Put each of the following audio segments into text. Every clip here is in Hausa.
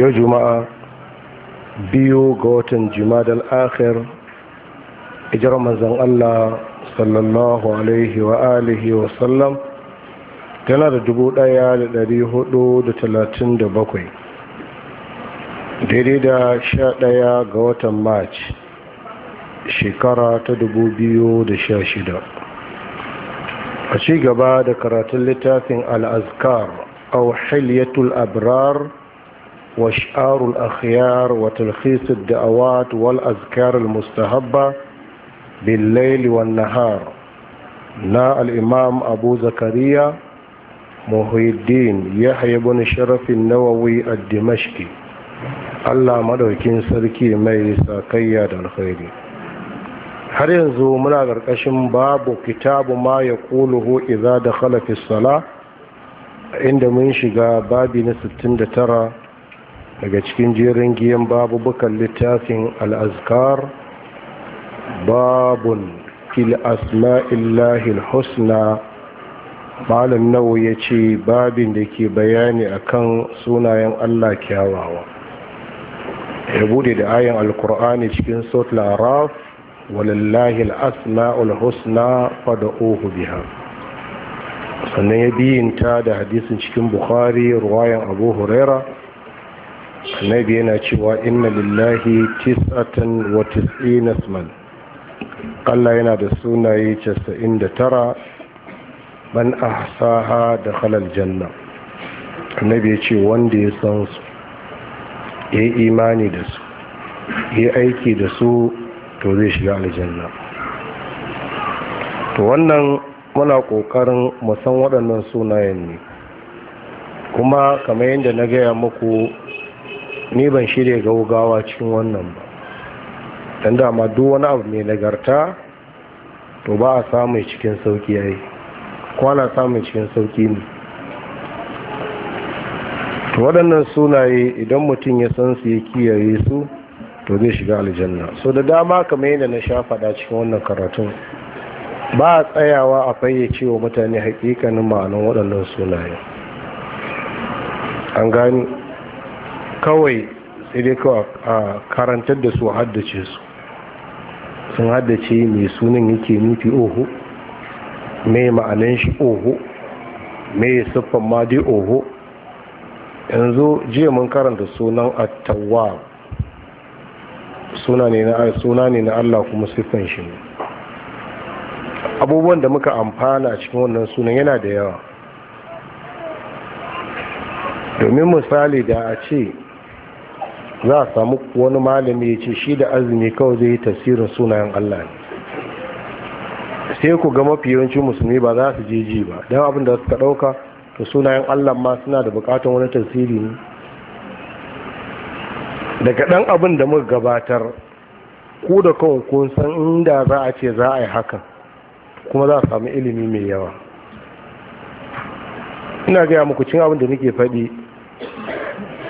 yau juma'a biyu ga watan jumadal akhir ijar manzan allah sallallahu alaihi wa alihi wa sallam tana da dubu daya da dari hudu da talatin da bakwai daidai da sha daya ga watan march shekara ta dubu biyu da sha shida a ci gaba da karatun littafin al'azkar a wahiliyatul abrar واشعار الأخيار وتلخيص الدعوات والأذكار المستهبة بالليل والنهار نا الإمام أبو زكريا محي الدين يحيى بن شرف النووي الدمشقي الله madaukin sarki mai sakayya da alkhairi har yanzu muna ƙarƙashin babu kitabu ma ya ƙuluhu iza da khalafi sala inda mun shiga babi na 69 daga cikin jerin giyan babu babubukan littafin al'azkar babun fil husna malam nawo ya ce babin da ke bayani akan sunayen allah kyawawa ya bude da ayan alkur'ani cikin sautul araf walillahi al'asma'ul husna ohu biha sannan ya biyinta da hadisin cikin bukhari ruwayan abu huraira annabi yana cewa inna lillahi tis'atan wa tis'ina asman Allah yana da sunaye 99 ban ahsaha da halal janna annabi ya ce wanda ya san su ya imani da su ya aiki da su to zai shiga aljanna to wannan muna kokarin musan waɗannan sunayen ne kuma kamar yadda na gaya muku ni ban shirya gaugawa cikin wannan ba don dama duk wani abu mai nagarta to ba a samun cikin sauki yayi kwana samun cikin sauki ne to waɗannan sunaye idan mutum ya san su ya kiyaye su to zai shiga aljanna so da dama kamar yadda na sha faɗa cikin wannan karatun ba a tsayawa a fayyace wa mutane hakikanin ma'anan waɗannan sunaye an gani kawai sai dai kawai a karantar da su haddace su sun haddace mai sunan yake nufi oho mai ma'anin shi oho mai siffan ma dai oho yanzu jiya mun karanta sunan attawa suna ne na allah kuma siffan shi ne abubuwan da muka amfana a cikin wannan sunan yana da yawa domin misali da a ce za a samu wani malami ya ce shi da azumi kawai zai yi tasirin sunayen Allah ne sai ku ga mafi yawancin musulmi ba za su je ji ba don abin da suka ɗauka sunayen Allah ma suna da buƙatar wani tasiri ne daga ɗan abin da muka gabatar ku da kawai kun san inda za a ce za a yi hakan kuma za a samu ilimi mai yawa ina gaya muku cin abin da nake faɗi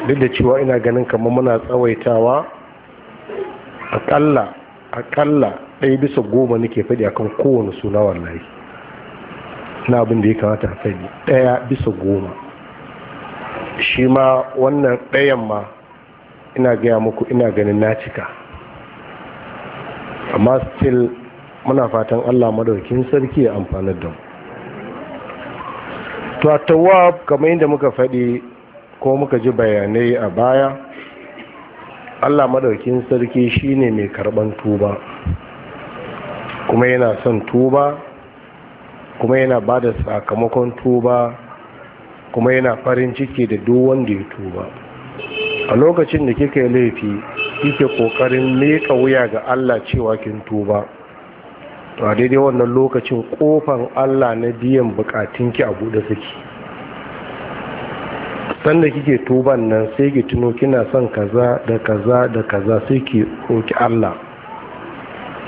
duk da cewa ina ganin kamar muna tsawaitawa akalla akalla ɗaya bisa goma nake faɗi akan kowane suna wallahi na abin da ya kamata a faɗi ɗaya bisa goma shi ma wannan ɗayan ma ina gaya muku ina ganin na cika amma still muna fatan allah madaukin sarki ya amfanar da mu to a tawab kamar yadda muka faɗi ko muka ji bayanai a baya allah madaukin sarki shine mai karban tuba kuma yana son tuba kuma yana ba da sakamakon tuba kuma yana farin ciki da duk wanda ya tuba a lokacin da kika yi laifi kike kokarin meka wuya ga allah cewa kin tuba to a daidai wannan lokacin kofan allah na biyan bukatunki a buɗe suke sanda kike tuban nan sai ki tuno kina son kaza da kaza da kaza sai ki roki Allah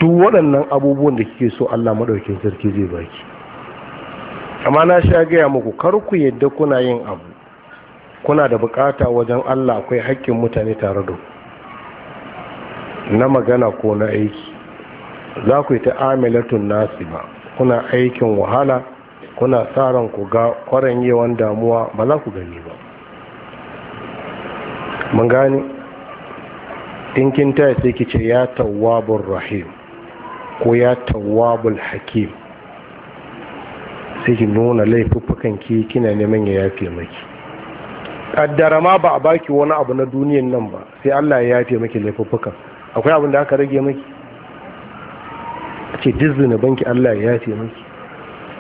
duk waɗannan abubuwan da kike so Allah madaukin sarki zai baki amma na sha gaya muku kar ku yadda kuna yin abu kuna da bukata wajen Allah akwai haƙƙin mutane tare da na magana ko na aiki za ku yi ta amilatun nasi ba kuna aikin wahala kuna sa ran ku ga kwaranyewan damuwa ba za ku gani ba mun gane in kin taya sai ki ce ya tawwabur rahim ko ya tawwabul hakim sai ki nuna laifukan ki kina neman ya yafe maki kaddara ma ba a baki wani abu na duniyan nan ba sai Allah ya yafe maki laifukan. akwai abin da aka rage maki a ce duk banki Allah ya yafe maki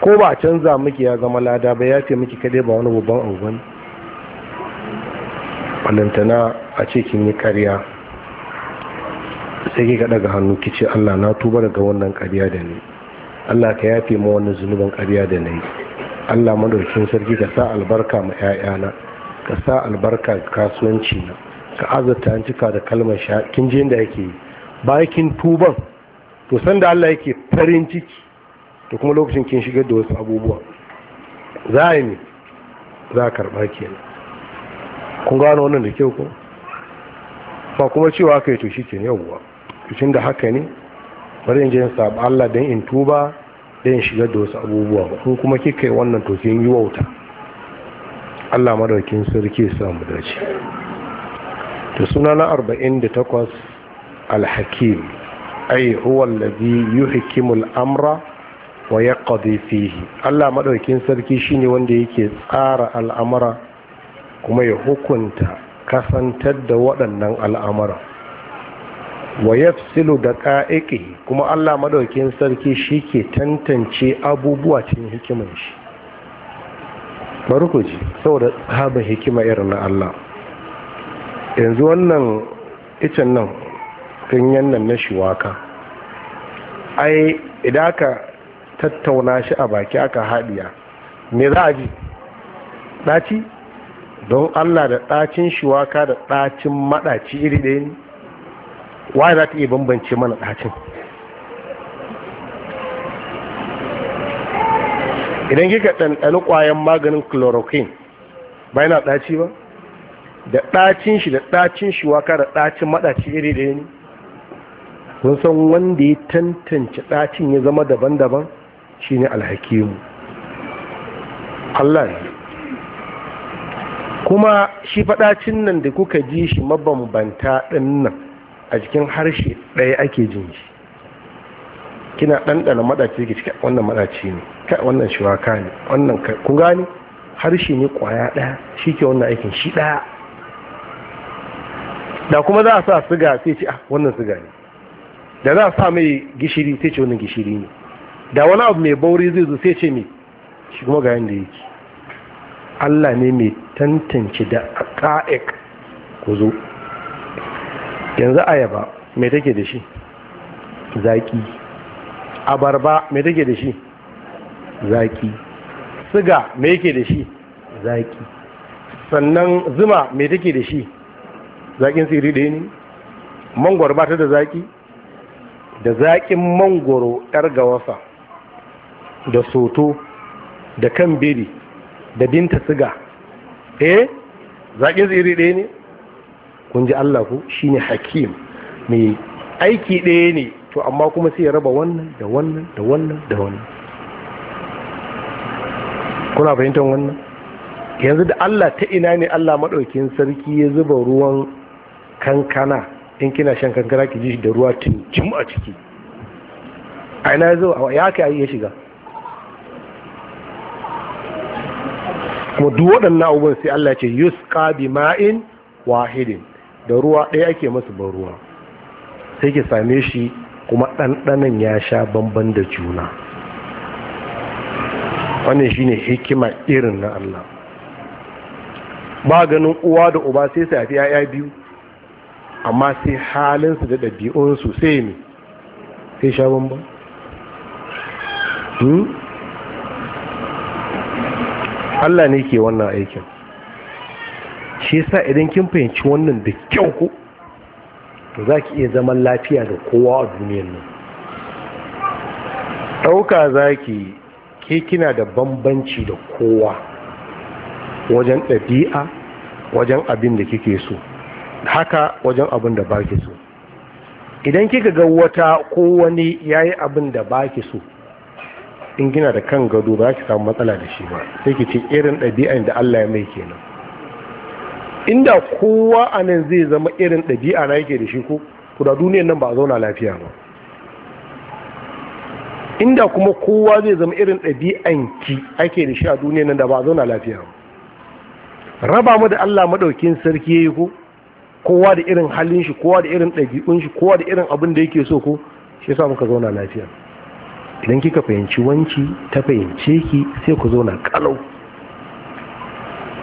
ko ba a canza maki ya zama lada ba ya yafe maki kadai ba wani babban abu bane balantana a ce kin yi karya sai kaɗa daga hannu kice Allah na tuba daga wannan karya da ni Allah ka yafe ma wannan zunuban karya da nayi Allah madaukin sarki ka sa albarka ma 'ya'yana ka sa albarka ga kasuwanci na ka azurta an cika da kalmar sha kin je da yake bayan kin tuban to san da Allah yake farin ciki to kuma lokacin kin shigar da wasu abubuwa za a yi ne za a karɓa kenan kun gano wannan da kyau ko ba kuma cewa kai to shi ke yauwa cikin da haka ne bari in je in saba Allah dan in tuba dan in shiga da wasu abubuwa ba kun kuma kika yi wannan to kin yi wauta Allah madaukin sarki ya mu dace to suna na 48 al-hakim ai huwa alladhi yuhkimul amra wa yaqdi fihi Allah madaukin sarki shine wanda yake tsara al'amara kuma ya hukunta kasantar da waɗannan al'amura wa yafsilu da ƙa'iƙi kuma allah maɗaukin sarki shi ke tantance abubuwa cikin hikimar shi bari ku ji saboda haɓin hikima irin na allah yanzu wannan icen nan ganyen nan na shiwaka ai idan aka tattauna shi a baki aka haɗiya me za a ji ɗaci don allah da ɗacin shiwaka da ɗacin maɗaci iri ɗaya ne waye za ta iya bambance mana ɗacin idan kika ɗanɗani ƙwayan maganin chloroquine ba yana ɗaci ba da ɗacin shi da ɗacin shiwaka da ɗacin maɗaci iri ɗaya ne kun san wanda ya tantance ɗacin ya zama daban-daban shi ne alhakimu Allah ne kuma shi faɗacin nan da kuka ji shi mabambanta ɗin nan a jikin harshe ɗaya ake jin shi kina ɗanɗana maɗaci ke cikin wannan maɗaci ne ka wannan shiwaka ne wannan kun gani harshe ne ƙwaya ɗaya shi ke wannan aikin shi ɗaya da kuma za a sa siga sai ce ah wannan siga ne da za a sa mai gishiri sai ce wannan gishiri ne da wani abu mai bauri zai zo sai ce me shi kuma ga yanda yake Allah ne mai tantance da ƙa'ik ku zo yanzu ayaba mai take da shi zaki abarba mai take da shi zaki siga mai yake da shi zaki sannan zuma mai take da shi zakin siri ɗaya ne mangwaro ba ta da zaki da zakin mangwaro ɗar gawasa da soto da kan biri da binta siga eh zaƙin iri ɗaya ne kun ji Allah ku Shi ne hakim mai aiki ɗaya ne to amma kuma sai ya raba wannan da wannan da wannan da wannan kuna fahimtar wannan yanzu da Allah ta ina ne Allah maɗaukin sarki ya zuba ruwan kankana in kina shan kankana ki ji da ruwa tun a ciki a ina ya zo ya ka ya shiga kuma duk waɗannan abubuwan sai Allah ce yus ƙabi ma'in wahidin da ruwa ɗaya ake masu ban ruwa sai ke same shi kuma ɗanɗanan ya sha bamban da juna wannan shi ne hikima irin na Allah ba ganin uwa da uba sai su haifi 'ya'ya biyu amma sai halinsu da ɗabi'unsu sai ne sai sha bamban hmm? Allah ne ke wannan aikin shi sa idan kin fahimci wannan da kyau ku za ki iya zaman lafiya da kowa a duniyar nan ɗauka za ki ke kina da bambanci da kowa wajen ɗabi'a wajen abin da kike so haka wajen abin da ba ki so idan kika ga wata ko wani ya yi abin da ba ki so in gina da kan gado ba ki samu matsala da shi ba sai ki ce irin ɗabi'an da Allah ya mai kenan inda kowa a nan zai zama irin ɗabi'a na yake da shi ko ku da duniyan nan ba a zauna lafiya ba inda kuma kowa zai zama irin ɗabi'an ki ake da shi a duniyan nan da ba a zauna lafiya ba raba mu da Allah madaukin sarki yayi ko kowa da irin halin shi kowa da irin ɗabi'un shi kowa da irin abin da yake so ko shi yasa muka zauna lafiya idan kika fahimci wanci ta fahimce ki sai ku zo na kalau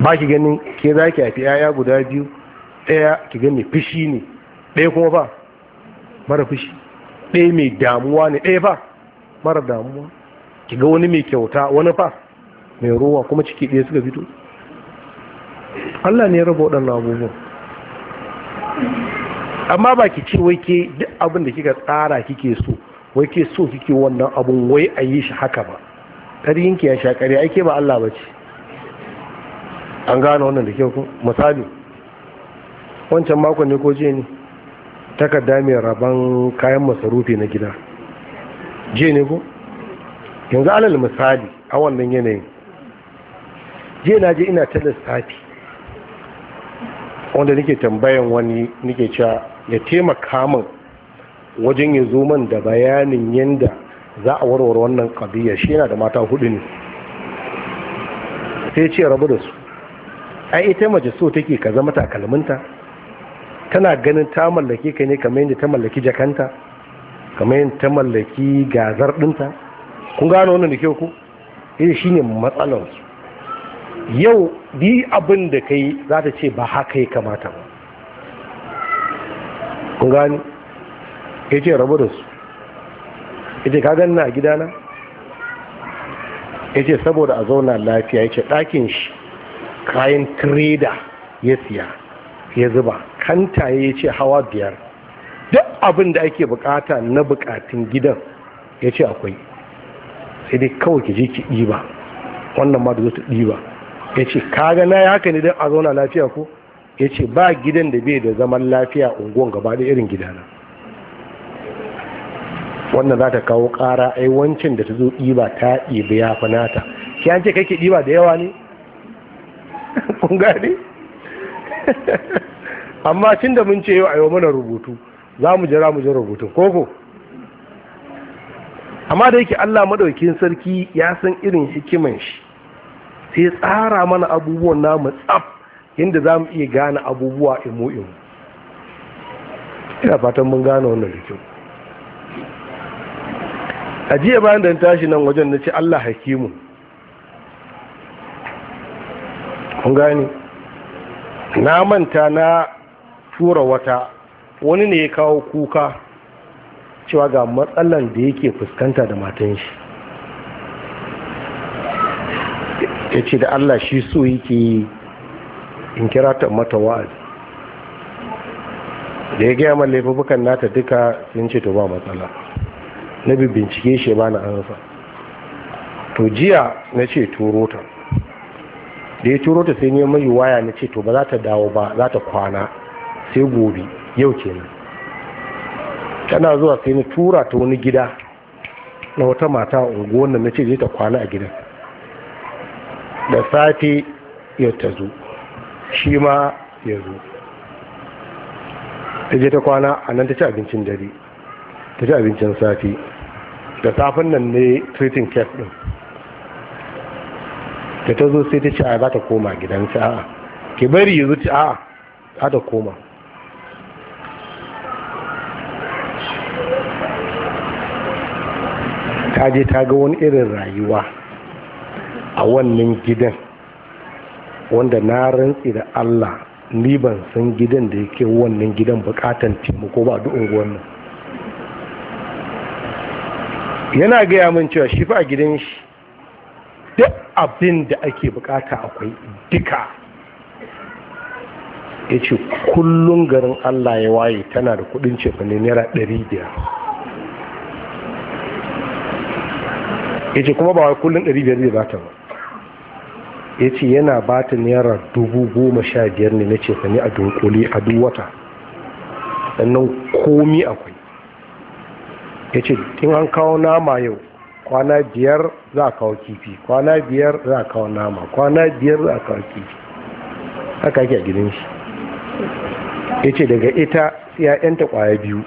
ba ki ganin ke za ki haifi 'ya'ya guda biyu ɗaya ki gani fushi ne ɗaya kuma ba mara fushi ɗaya mai damuwa ne ɗaya ba mara damuwa ki ga wani mai kyauta wani fa mai ruwa kuma ciki ɗaya suka fito Allah ne ya raba waɗannan abubuwan amma ba ki ce wai ke duk abin da kika tsara kike so wai ke so kike wannan abun wai a yi shi haka ba ki ya sha ƙarya aike ba Allah ba ce an gane wannan da kyau misali wancan makon ne ko je ne takarda mai rabon kayan masarufi na gida je ne ko yanzu alal misali a wannan yanayin je na je ina ta lissafi wanda nake tambayan wani nake cewa ya taimaka min wajen ya zo man da bayanin yadda za a warware wannan ƙadiyya shi yana da mata hudu ne sai ce rabu da su ai ita mace so take ka zama takalminta tana ganin ta mallake ka ne kamar yadda ta mallaki jakanta kamar yadda ta mallaki gazar ɗinta kun gano wannan da kyau ku ita eh, shine su yau bi abin da kai za ta ce ba haka ya kamata ba kun ya ce rabu da su ya ce ka ganna a gidana ya ce saboda a zauna lafiya ya ce ɗakin shi kayan tireda ya siya ya zuba kantaye ya ce hawa biyar duk abin da ake bukata na bukatun gidan ya ce akwai sai dai kawai ki je ki ɗiba wannan ma da zai ɗiba ya ce kaga na ya haka ne don a zauna lafiya ko ya ce ba gidan da bai da zaman lafiya unguwan gaba da irin gidana wannan za ta kawo ƙara ai wancan da ta zo ɗiba ta ɗiba ya fi nata shi an ce kake ɗiba da yawa ne kun gane amma tun da mun ce yau a yau mana rubutu za mu jira mu jira ko koko amma da yake Allah maɗaukin sarki ya san irin hikiman shi sai tsara mana abubuwan namu tsaf yadda za mu iya gane abubuwa imo imo ina fatan mun gane wannan da a jiya bayan da tashi nan wajen na ce Allah hakimu kun gani na manta na tura wata wani ne ya kawo kuka cewa ga matsalan da yake fuskanta da matan shi ya ce da Allah shi so yake in kira ta mata wa'azi da ya gaya man laifukan nata duka sun ce to ba matsala na bincike shi ba na ansa to jiya na ce turo ta da ya turo ta sai ne mai waya na ce to ba za ta dawo ba za ta kwana sai gobe yau kenan tana zuwa sai na tura ta wani gida na wata mata unguwan na ce zai ta kwana a gidan da safe ya ta zo shi ma ya zo ta je ta kwana a nan ta ci abincin dare ta ci abincin safe da safin nan ne treating case din da ta zo sai ta ce a za ta koma gidansa a'a ki bari yanzu ci a'a za ta koma ta je ta ga wani irin rayuwa a wannan gidan wanda na rantsi da Allah ni ban san gidan da yake wannan gidan bukatan taimako ba duk unguwan yana gaya min cewa shi fa a gidan shi duk abin da ake bukata akwai duka ya ce kullum garin allah ya waye tana da kudin cefane naira 500 ya ce kuma ba wai kullum 500 zai bata ba ya ce yana bata naira 15,000 ne na cefane a dunkuli a duwata. sannan komi akwai ya ce in an kawo nama yau kwana biyar za a kawo kifi kwana biyar za a kawo nama kwana biyar za a kawo kifi haka ake a gidan shi ya ce daga ita ya'yanta kwaya biyu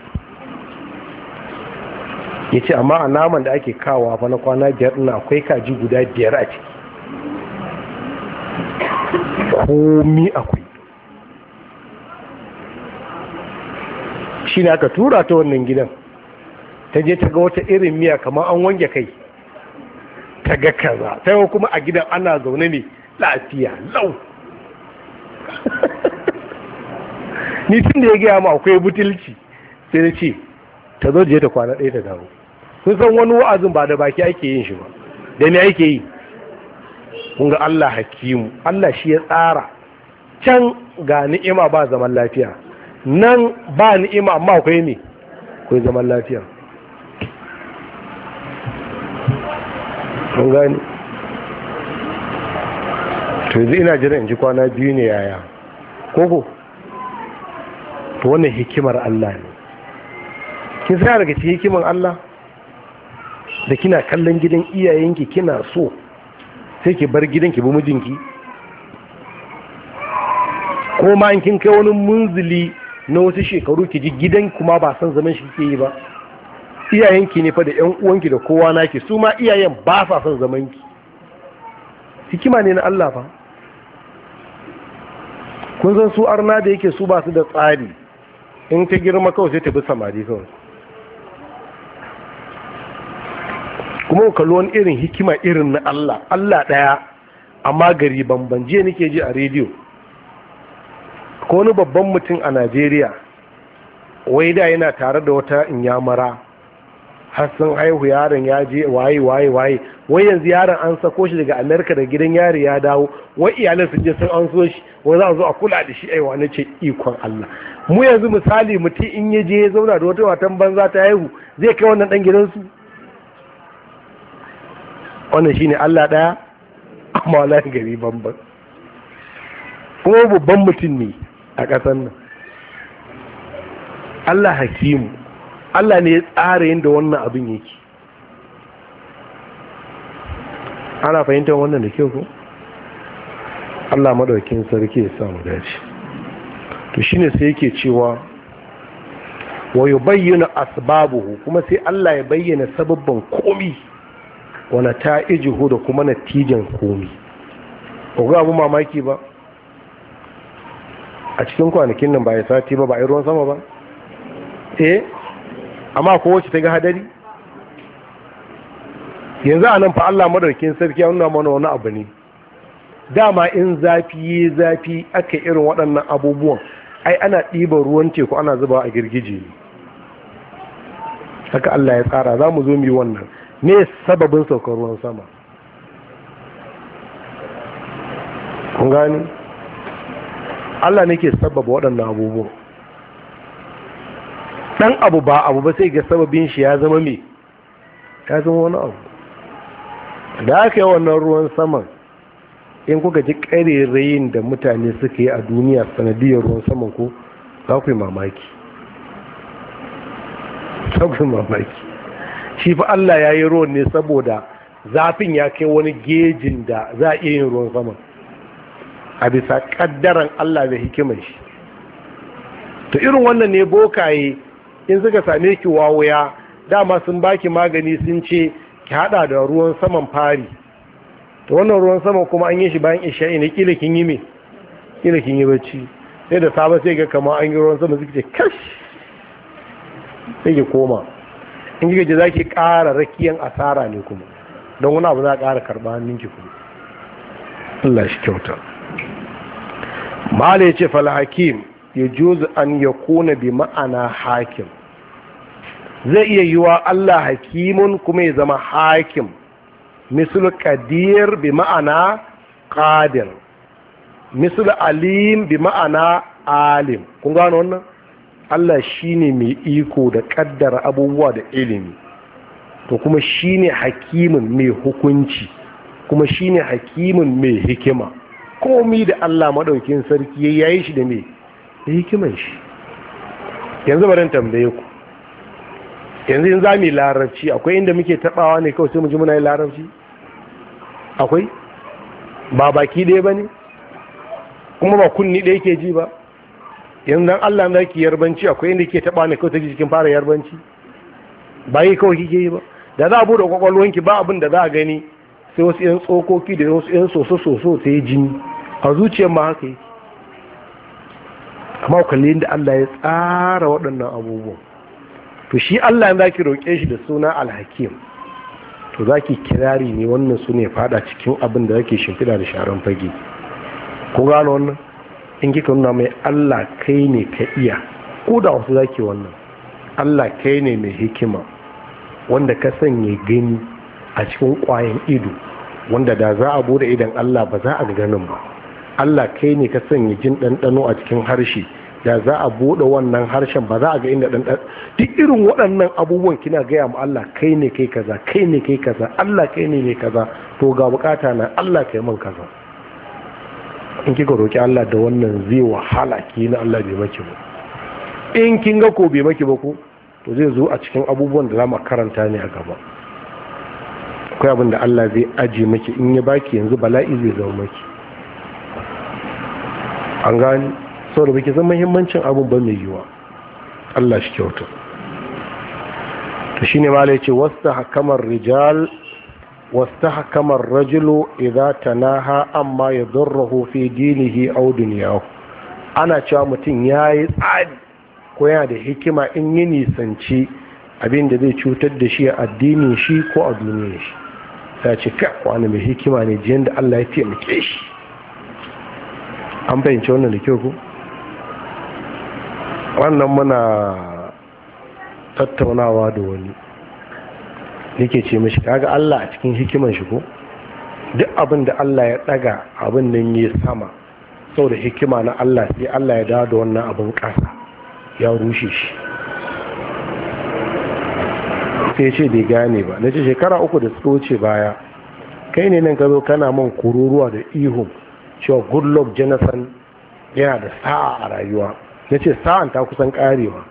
ya ce amma a naman da ake kawo fa na kwana biyar na akwai kaji guda biyar a ciki komi akwai shi ne aka tura ta wannan gidan ta je ta ga wata irin miya kamar an wange kai ta ga kaza ta kuma a gidan ana zaune ne lafiya lau ni tun da ya gaya ma akwai butulci sai da ce ta zo je ta kwana ɗaya ta dawo Sun san wani wa'azin ba da baki ake yin shi ba da ne ake yi kun ga Allah hakimu Allah shi ya tsara can ga ni'ima ba zaman lafiya nan ba ni'ima amma akwai ne akwai zaman lafiya sun gani to yanzu ina jiran in ji kwana biyu ne yaya koko to wannan hikimar Allah ne kin sai daga cikin hikimar Allah da kina kallon gidan iyayenki kina so sai ki bar gidan gidanki bi mijinki ko ma in kin kai wani munzili na wasu shekaru ki ji gidan kuma ba san zaman shi kike yi ba iyayenki ne fa da yan uwanki da kowa naki su ma iyayen ba sa son zamanki hikima ne na Allah fa kun san su arna da yake su ba su da tsari in ta girma kawai sai ta bi samari kawai kuma kalli wani irin hikima irin na Allah Allah ɗaya amma gari banban jiya nake ji a rediyo ko wani babban mutum a Najeriya wai da yana tare da wata inyamara har sun haihu yaron ya je waye waye waye wai yanzu yaron an sako shi daga amerika da gidan yari ya dawo wai iyalin sun je sun an so shi wai za a zo a kula da shi aiwa na ce ikon allah mu yanzu misali mutum in ya je ya zauna da wata watan banza ta haihu zai kai wannan dan gidansu wannan shine allah daya amma wala gari bamban kuma babban mutum ne a ƙasar nan allah hakimu Allah ne ya tsara yadda wannan abin yake ana fahimtar wannan da kyau ko Allah madaukin sarki ya samu dace to shine sai yake cewa wa yubayyana asbabuhu kuma sai Allah ya bayyana sababban komi ta iji da kuma natijan komi ko ga abu mamaki ba a cikin kwanakin nan ba ya sati ba ba ruwan sama ba eh amma ko wacce ta ga hadari yanzu a nan fa Allah madarkin sarki ya nuna mana wani abu ne dama in zafi yi zafi aka irin waɗannan abubuwan ai ana ɗiban ruwan teku ana zuba a girgije ne haka Allah ya tsara za mu zo mu yi wannan ne sababin saukar ruwan sama kun gani Allah ne ke sababa waɗannan abubuwan ɗan abu ba abu ba sai ga sababin shi ya zama mai ya zama wani abu da aka yi wannan ruwan saman in kuka ji ƙarerayin da mutane suka yi a duniya sanadiyar ruwan saman ko za ku yi mamaki za ku yi mamaki shi fa Allah ya yi ruwan ne saboda zafin ya kai wani gejin da za a iya yin ruwan saman a bisa ƙaddaran Allah da hikimar shi to irin wannan ne bokaye in suka same ki wawuya dama sun baki magani sun ce ki hada da ruwan saman fari to wannan ruwan sama kuma an yi shi bayan isha ne kila kin yi me kila kin yi bacci sai da safe sai ga kamar an yi ruwan sama suke kash sai ki koma in kika je zaki ƙara rakiyan asara ne kuma don wani abu za a ƙara karɓa ninki kuma Allah shi kyauta Mali ya ce fal hakim ya juzu an ya kuna bi ma'ana hakim zai iya yiwa Allah hakimun kuma ya zama hakim misal kadir bi ma'ana qadir misal alim bi ma'ana alim kun gano wannan Allah shine mai iko da kaddara abubuwa da ilimi to kuma ne hakimin mai hukunci kuma shine hakimin mai hikima komi da Allah maɗaukin sarki yayi shi da mai da hikiman shi yanzu barin tambaye ku yanzu in za mu yi larabci akwai inda muke tabawa ne kawai sai mu ji muna yi larabci akwai ba baki ɗaya ba ne kuma ba kunni ɗaya ke ji ba yanzu dan Allah na ki yarbanci akwai inda ke tabawa ne kawai take cikin fara yarbanci ba yi kawai kike yi ba da za a buɗe kwakwalwanki ba abin da za a gani sai wasu yan tsokoki da wasu yan soso soso sai jini a zuciyar ma haka yake amma kalli yadda Allah ya tsara waɗannan abubuwan to shi Allah ya zaki roƙe shi da suna alhakim to zaki kirari ne wannan su ne fada cikin abin da zake shimfida da sharan fage ko gano wannan in kika nuna mai Allah kai ne ka iya ko da wasu zaki wannan Allah kai ne mai hikima wanda ka sanya gani a cikin ƙwayan ido wanda da za a bude idan Allah ba za a ganin ba Allah kai ne ka sanya jin ɗanɗano a cikin harshe da za a buɗe wannan harshen ba za a ga inda ɗanɗano duk irin waɗannan abubuwan kina gaya ma Allah kai ne kai kaza kai ne kai kaza Allah kai ne mai kaza to ga bukata na Allah kai man kaza in kika roki Allah da wannan zai wahala ki na Allah bai maki ba in kin ga ko bai maki ba ko to zai zo a cikin abubuwan da za karanta ne a gaba akwai abin da Allah zai aje maki in ya baki yanzu bala'i zai zama maki an gani saboda baki zan mahimmancin abin ba mai yiwa Allah shi kyauta shi ne ma ce wasta hakamar rijal wasta hakamar rajulu idza tanaha amma yadurruhu fi dinihi a dunyahu ana cewa mutum ya yi tsari ko yana da hikima in yi nisanci abin da zai cutar da shi a addinin shi ko a duniyar shi ta ce kai wani mai hikima ne jiyan da Allah ya taimake shi an fahimci wannan da kyau ku wannan muna tattaunawa da wani yake ce mashi kaga Allah a cikin hikiman shi ko duk abin da Allah ya daga abin nan ya sama sau da hikima na Allah sai Allah ya dawo da wannan abin kasa ya rushe shi sai ce bai gane ba na ce shekara uku da suka wuce baya kai ne nan ka zo kana man kururuwa da ihu. cewa goodluck jenison yana da sa'a a rayuwa na ce sa'an ta kusan karewa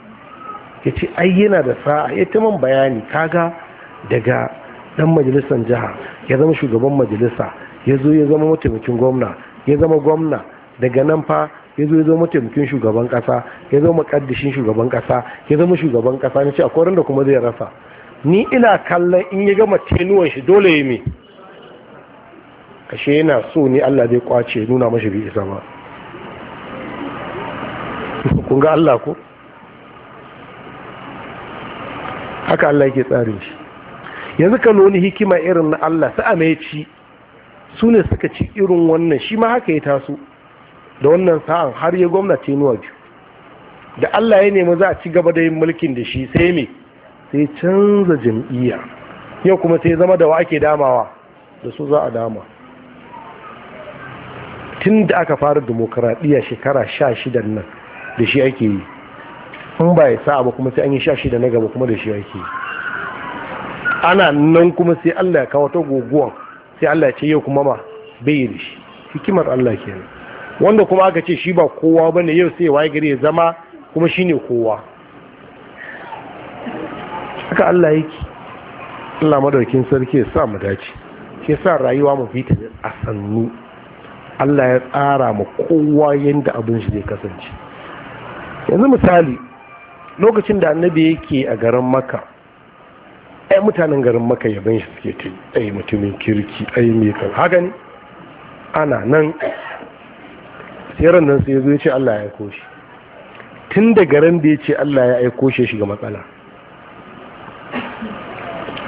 ya ce ai yana da sa'a ya ta man bayani kaga daga dan majalisar jiha ya zama shugaban majalisa ya zo ya zama mataimakin gwamna ya zama gwamna daga nan fa ya zo ya zama mataimakin shugaban kasa ya zama makaddishin shugaban kasa ya zama shugaban kasa na ce akwai da kuma zai rasa ni ina kallon in ya gama tenuwan shi dole ya mai Kashe yana so ne Allah zai kwace nuna mashi bi isa ba kun ga Allah ko haka Allah yake tsarin shi yanzu ka noni hikima irin na Allah sa'a mai ci su ne suka ci irin wannan shi ma haka ya taso da wannan sa'an har ya gwamnati nuwa biyu da Allah ya nemi za a ci gaba da yin mulkin da shi sai me sai canza jam'iyya yau kuma sai zama da wa ake damawa da su za a dama tun da aka fara demokradiyya shekara sha shidan nan da shi ake yi in ba ya sa ba kuma sai an yi sha shida na gaba kuma da shi ake yi ana nan kuma sai allah ya kawo ta guguwan sai allah ya ce yau kuma ma bai yi da shi hikimar allah kenan wanda kuma aka ce shi ba kowa ba ne yau sai waye gari ya zama kuma shi ne kowa haka allah yake allah madaukin sarki ya sa mu dace ke sa rayuwa mu fita a sannu Allah ya tsara ma kowa yadda abin shi zai kasance yanzu misali lokacin da annabi yake a garin maka ai mutanen garin maka yaban shi suke ta ai mutumin kirki ai mai kan haka ne ana nan sai nan sai ya ce Allah ya aiko shi tun da garin da ya ce Allah ya aiko shi shiga matsala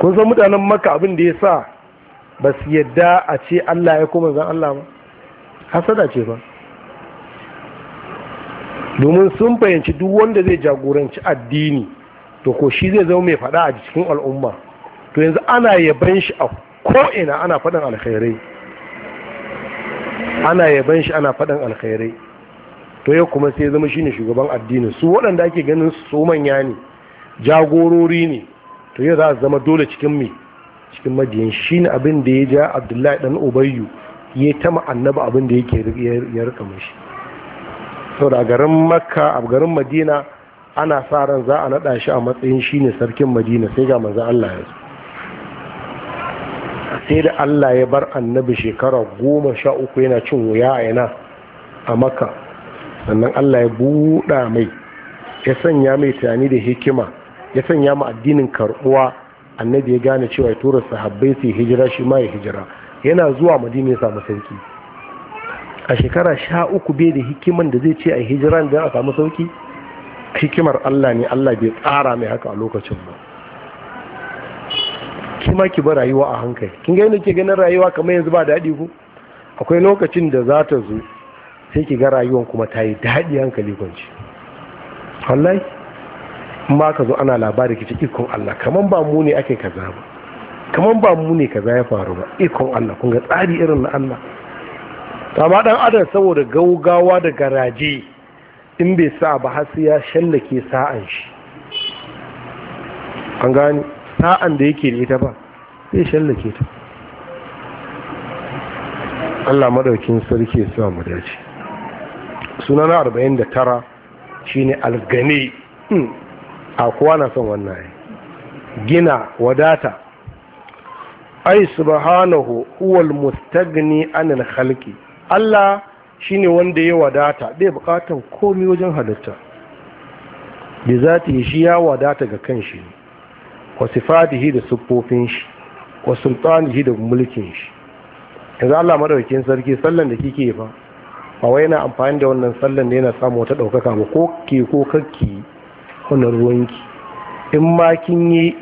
kun san mutanen maka abin da ya sa ba su yadda a ce Allah ya koma zan Allah ba hasada ce ba domin sun fahimci duk wanda zai jagoranci addini to ko shi zai zama mai fada a cikin al'umma to yanzu ana yaban shi a ko'ina ana faɗin alkhairai ana yaban shi ana fadan alkhairai to yau kuma sai zama shi ne shugaban addini su waɗanda ake ganin su manya ne jagorori ne to yau za a zama dole cikin mai cikin shi shine abin da ya ja abdullahi ɗan ubayyu ya ta ma'annaba abin da yake ya rika mashi sau da garin makka a garin madina ana sa ran za a naɗa shi a matsayin shi ne sarkin madina sai ga manzan allah ya sai da allah ya bar annabi shekara goma sha uku yana cin wuya a yana a makka sannan allah ya buɗa mai ya sanya mai tunani da hikima ya sanya ma addinin karɓuwa annabi ya gane cewa ya tura sahabbai su hijira shi ma ya hijira yana zuwa madina ya samu sauki a shekara sha uku bai da hikiman da zai ce a hijiran don a samu sauki hikimar Allah ne Allah bai tsara mai haka a lokacin ba kima ki ba rayuwa a hankali kin ga yadda ke ganin rayuwa kamar yanzu ba daɗi ku akwai lokacin da za ta zo sai ki ga rayuwan kuma ta yi daɗi hankali kwanci wallahi ma ka zo ana labari ki ci ikon Allah kamar ba mu ne ake kaza ba kamar ba mu ne kaza ya faru ba ikon Allah kun ga tsari irin na Allah amma dan adam saboda gaugawa da garaje in bai sa ba har sai ya shallake sa'an shi an gani sa'an da yake da ita ba sai shallake ta Allah madaukin sarki ya sa mu dace suna na 49 shine algane hmm. a kowa na son wannan gina wadata ai subhanahu huwal mustagni anil khalqi Allah shine wanda ya wadata bai bukatan komai wajen halitta bi zati shi ya wadata ga kanshi wa sifatihi da sufofin shi wa sultanihi da mulkin shi yanzu Allah madaukakin sarki sallan da kike fa ba wai yana amfani da wannan sallan ne yana samu wata daukaka ba ko ke ko kakki wannan ruwanki in ma kin yi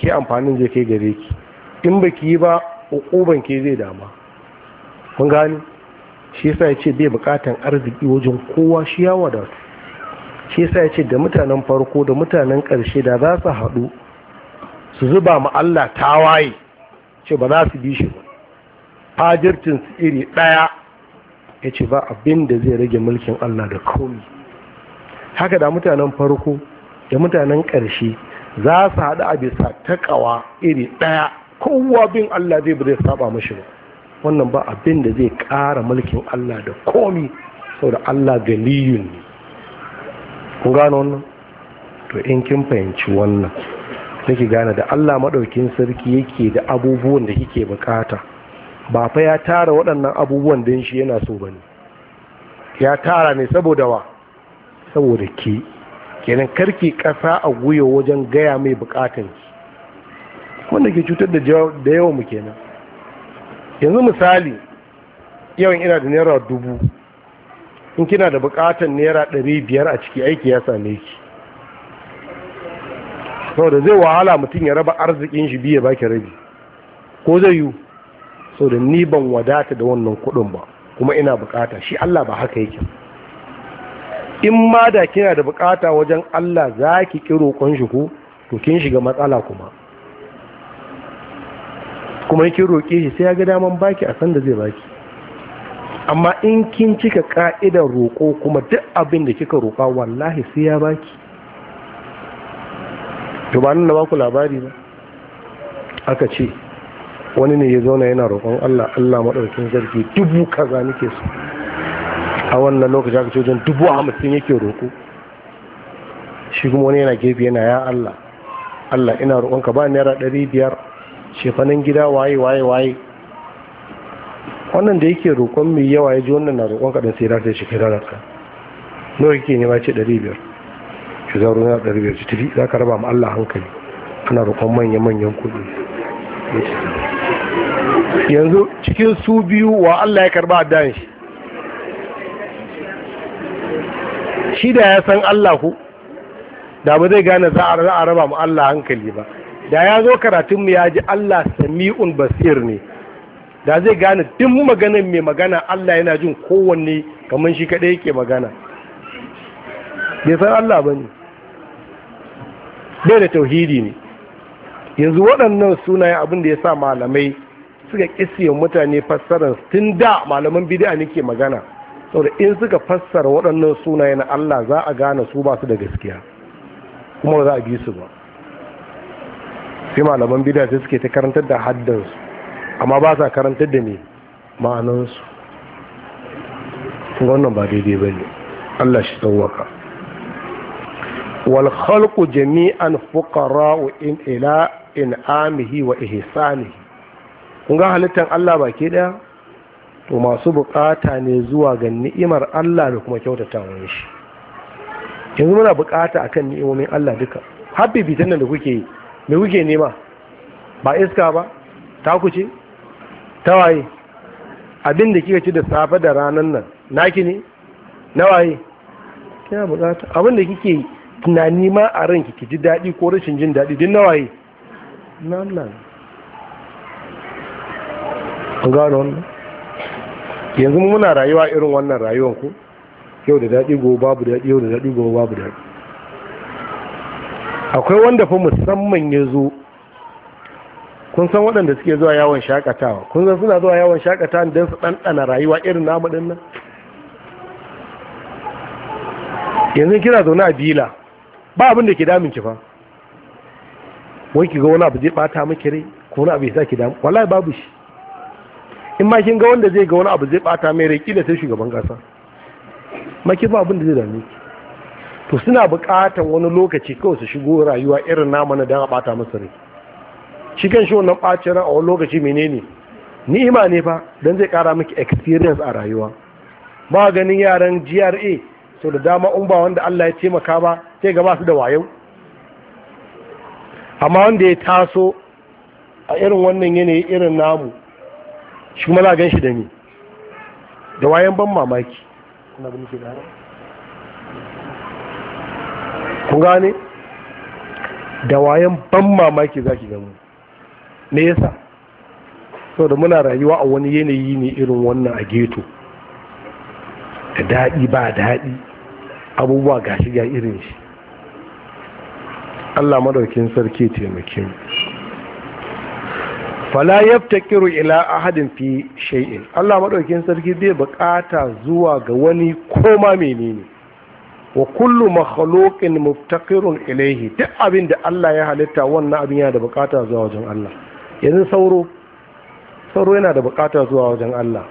ke amfanin zai kai gare ki in ba ki yi ba hukuban ke zai dama mun gani shi yasa ya ce bai bukatan arziki wajen kowa shi ya wadatu shi yasa ya ce da mutanen farko da mutanen ƙarshe da za su haɗu su zuba ma Allah tawaye ce ba za su bi shi ba su iri ɗaya ya ce ba abin da zai rage mulkin Allah da komi haka da mutanen farko da mutanen ƙarshe za su haɗu a bisa taƙawa iri ɗaya kowa bin Allah zai bude saba mashi ba wannan ba abin da zai ƙara mulkin Allah da komi saboda Allah galiyun ne kun gano wannan to in kin fahimci wannan nake gane da Allah maɗaukin sarki yake da abubuwan da kike bukata ba fa ya tara waɗannan abubuwan don shi yana so bane ya tara ne saboda wa saboda ke kenan karki ƙasa a guyo wajen gaya mai bukatan ki wanda ke cutar da yawan mu kenan yanzu misali yawan ina da naira dubu in kina da bukatar naira ɗari biyar a ciki aiki ya same ki sau da zai wahala mutum ya raba arzikin shi biya baki rabi ko zai yi sau da ni ban wadata da wannan kudin ba kuma ina bukata shi Allah ba haka yake in ma da kina da bukata wajen Allah za ki ƙi roƙon shi ko to kin shiga matsala kuma kuma yake roƙe shi sai ya ga daman baki a sanda zai baki amma in kin cika ka'idar roƙo kuma duk abin da kika roƙa wallahi sai ya baki to ba nan ba ku labari ba aka ce wani ne ya zauna yana roƙon Allah Allah maɗaukin zargi dubu kaza nake so a wannan lokaci aka ce wajen dubu hamsin yake roƙo shi kuma wani yana gefe yana ya Allah Allah ina roƙonka ba naira ɗari biyar shefanen gida waye waye waye wannan da yake roƙon mai yawa ya ji wannan na roƙon kaɗan sai rata shi kai ranar ka nawa yake ne ma ce 500 shi zaro na 500 ci tafi za ka raba ma Allah hankali ana roƙon manya-manyan kuɗi yanzu cikin su biyu wa Allah ya karba dan shi shi da ya san Allah ku da ba zai gane za a raba ma Allah hankali ba da ya zo karatunmu ya ji Allah sami'un basir ne da zai gane duk magana mai magana Allah yana jin kowanne kamar shi kaɗai yake magana bai san Allah ba ne bai da tauhidi ne yanzu waɗannan sunayen abin da ya sa malamai suka kisiyan mutane fassarar tun da malaman bidiya nake magana saboda in suka fassara waɗannan sunayen Allah za a gane su ba su da gaskiya kuma za a bi su ba sai malaman bida sai suke ta karantar da haddansu amma ba sa karantar da ne ma'anansu wannan ba daidai ba ne allah shi tsawaka walhalku jami'an wa in ila in amihi wa ihsani kun ga halittar allah baki daya to masu bukata ne zuwa ga ni'imar allah da kuma kyautatawan shi yanzu muna bukata akan ni'imomin allah duka Habibi tannan da kuke yi me kuke nema ba iska ba ta kuce ta waye abin da kika ci da safe da ranar nan naki ne na waye kina bukata abin da kike tunani ma a ranki ki ji daɗi ko rashin jin daɗi din na waye na Allah an gano wannan yanzu muna rayuwa irin wannan rayuwar ku yau da daɗi gobe babu daɗi yau da daɗi gobe babu daɗi akwai wanda fa musamman ya zo kun san waɗanda suke zuwa yawon shakatawa kun san suna zuwa yawon shakatawa don su ɗanɗana rayuwa irin namu ɗin nan yanzu kina zaune a bila ba abin da ke damin ki fa wai ki ga wani abu zai ɓata miki rai ko wani abu ya sa ki damu wallahi babu shi in ma kin ga wanda zai ga wani abu zai ɓata mai rai kila sai shugaban kasa maki ba abin da zai dame ki to suna buƙatan wani lokaci kawai su shigo rayuwa irin namu na don a ɓata musu rai shi kan shi wannan ɓacin a wani lokaci menene ni'ima ne fa don zai ƙara miki experience a rayuwa ba ganin yaran GRA sau da dama in ba wanda Allah ya taimaka ba sai gaba su da wayo amma wanda ya taso a irin wannan yanayi irin namu shi kuma za gan shi da ni da wayan ban mamaki kun gane da wayan ban mamaki za ki gamu ne yasa saboda muna rayuwa a wani yanayi ne irin wannan a geto da daɗi ba daɗi abubuwa ga ga irin shi allah madaukin sarki taimake mu fala yaftakiru ila ahadin fi shay'in allah madaukin sarki bai bukata zuwa ga wani koma menene wa kullu makhluqin muftaqirun ilayhi duk abin da Allah ya halitta wannan abin yana da bukata zuwa wajen Allah yanzu sauro sauro yana da bukata zuwa wajen Allah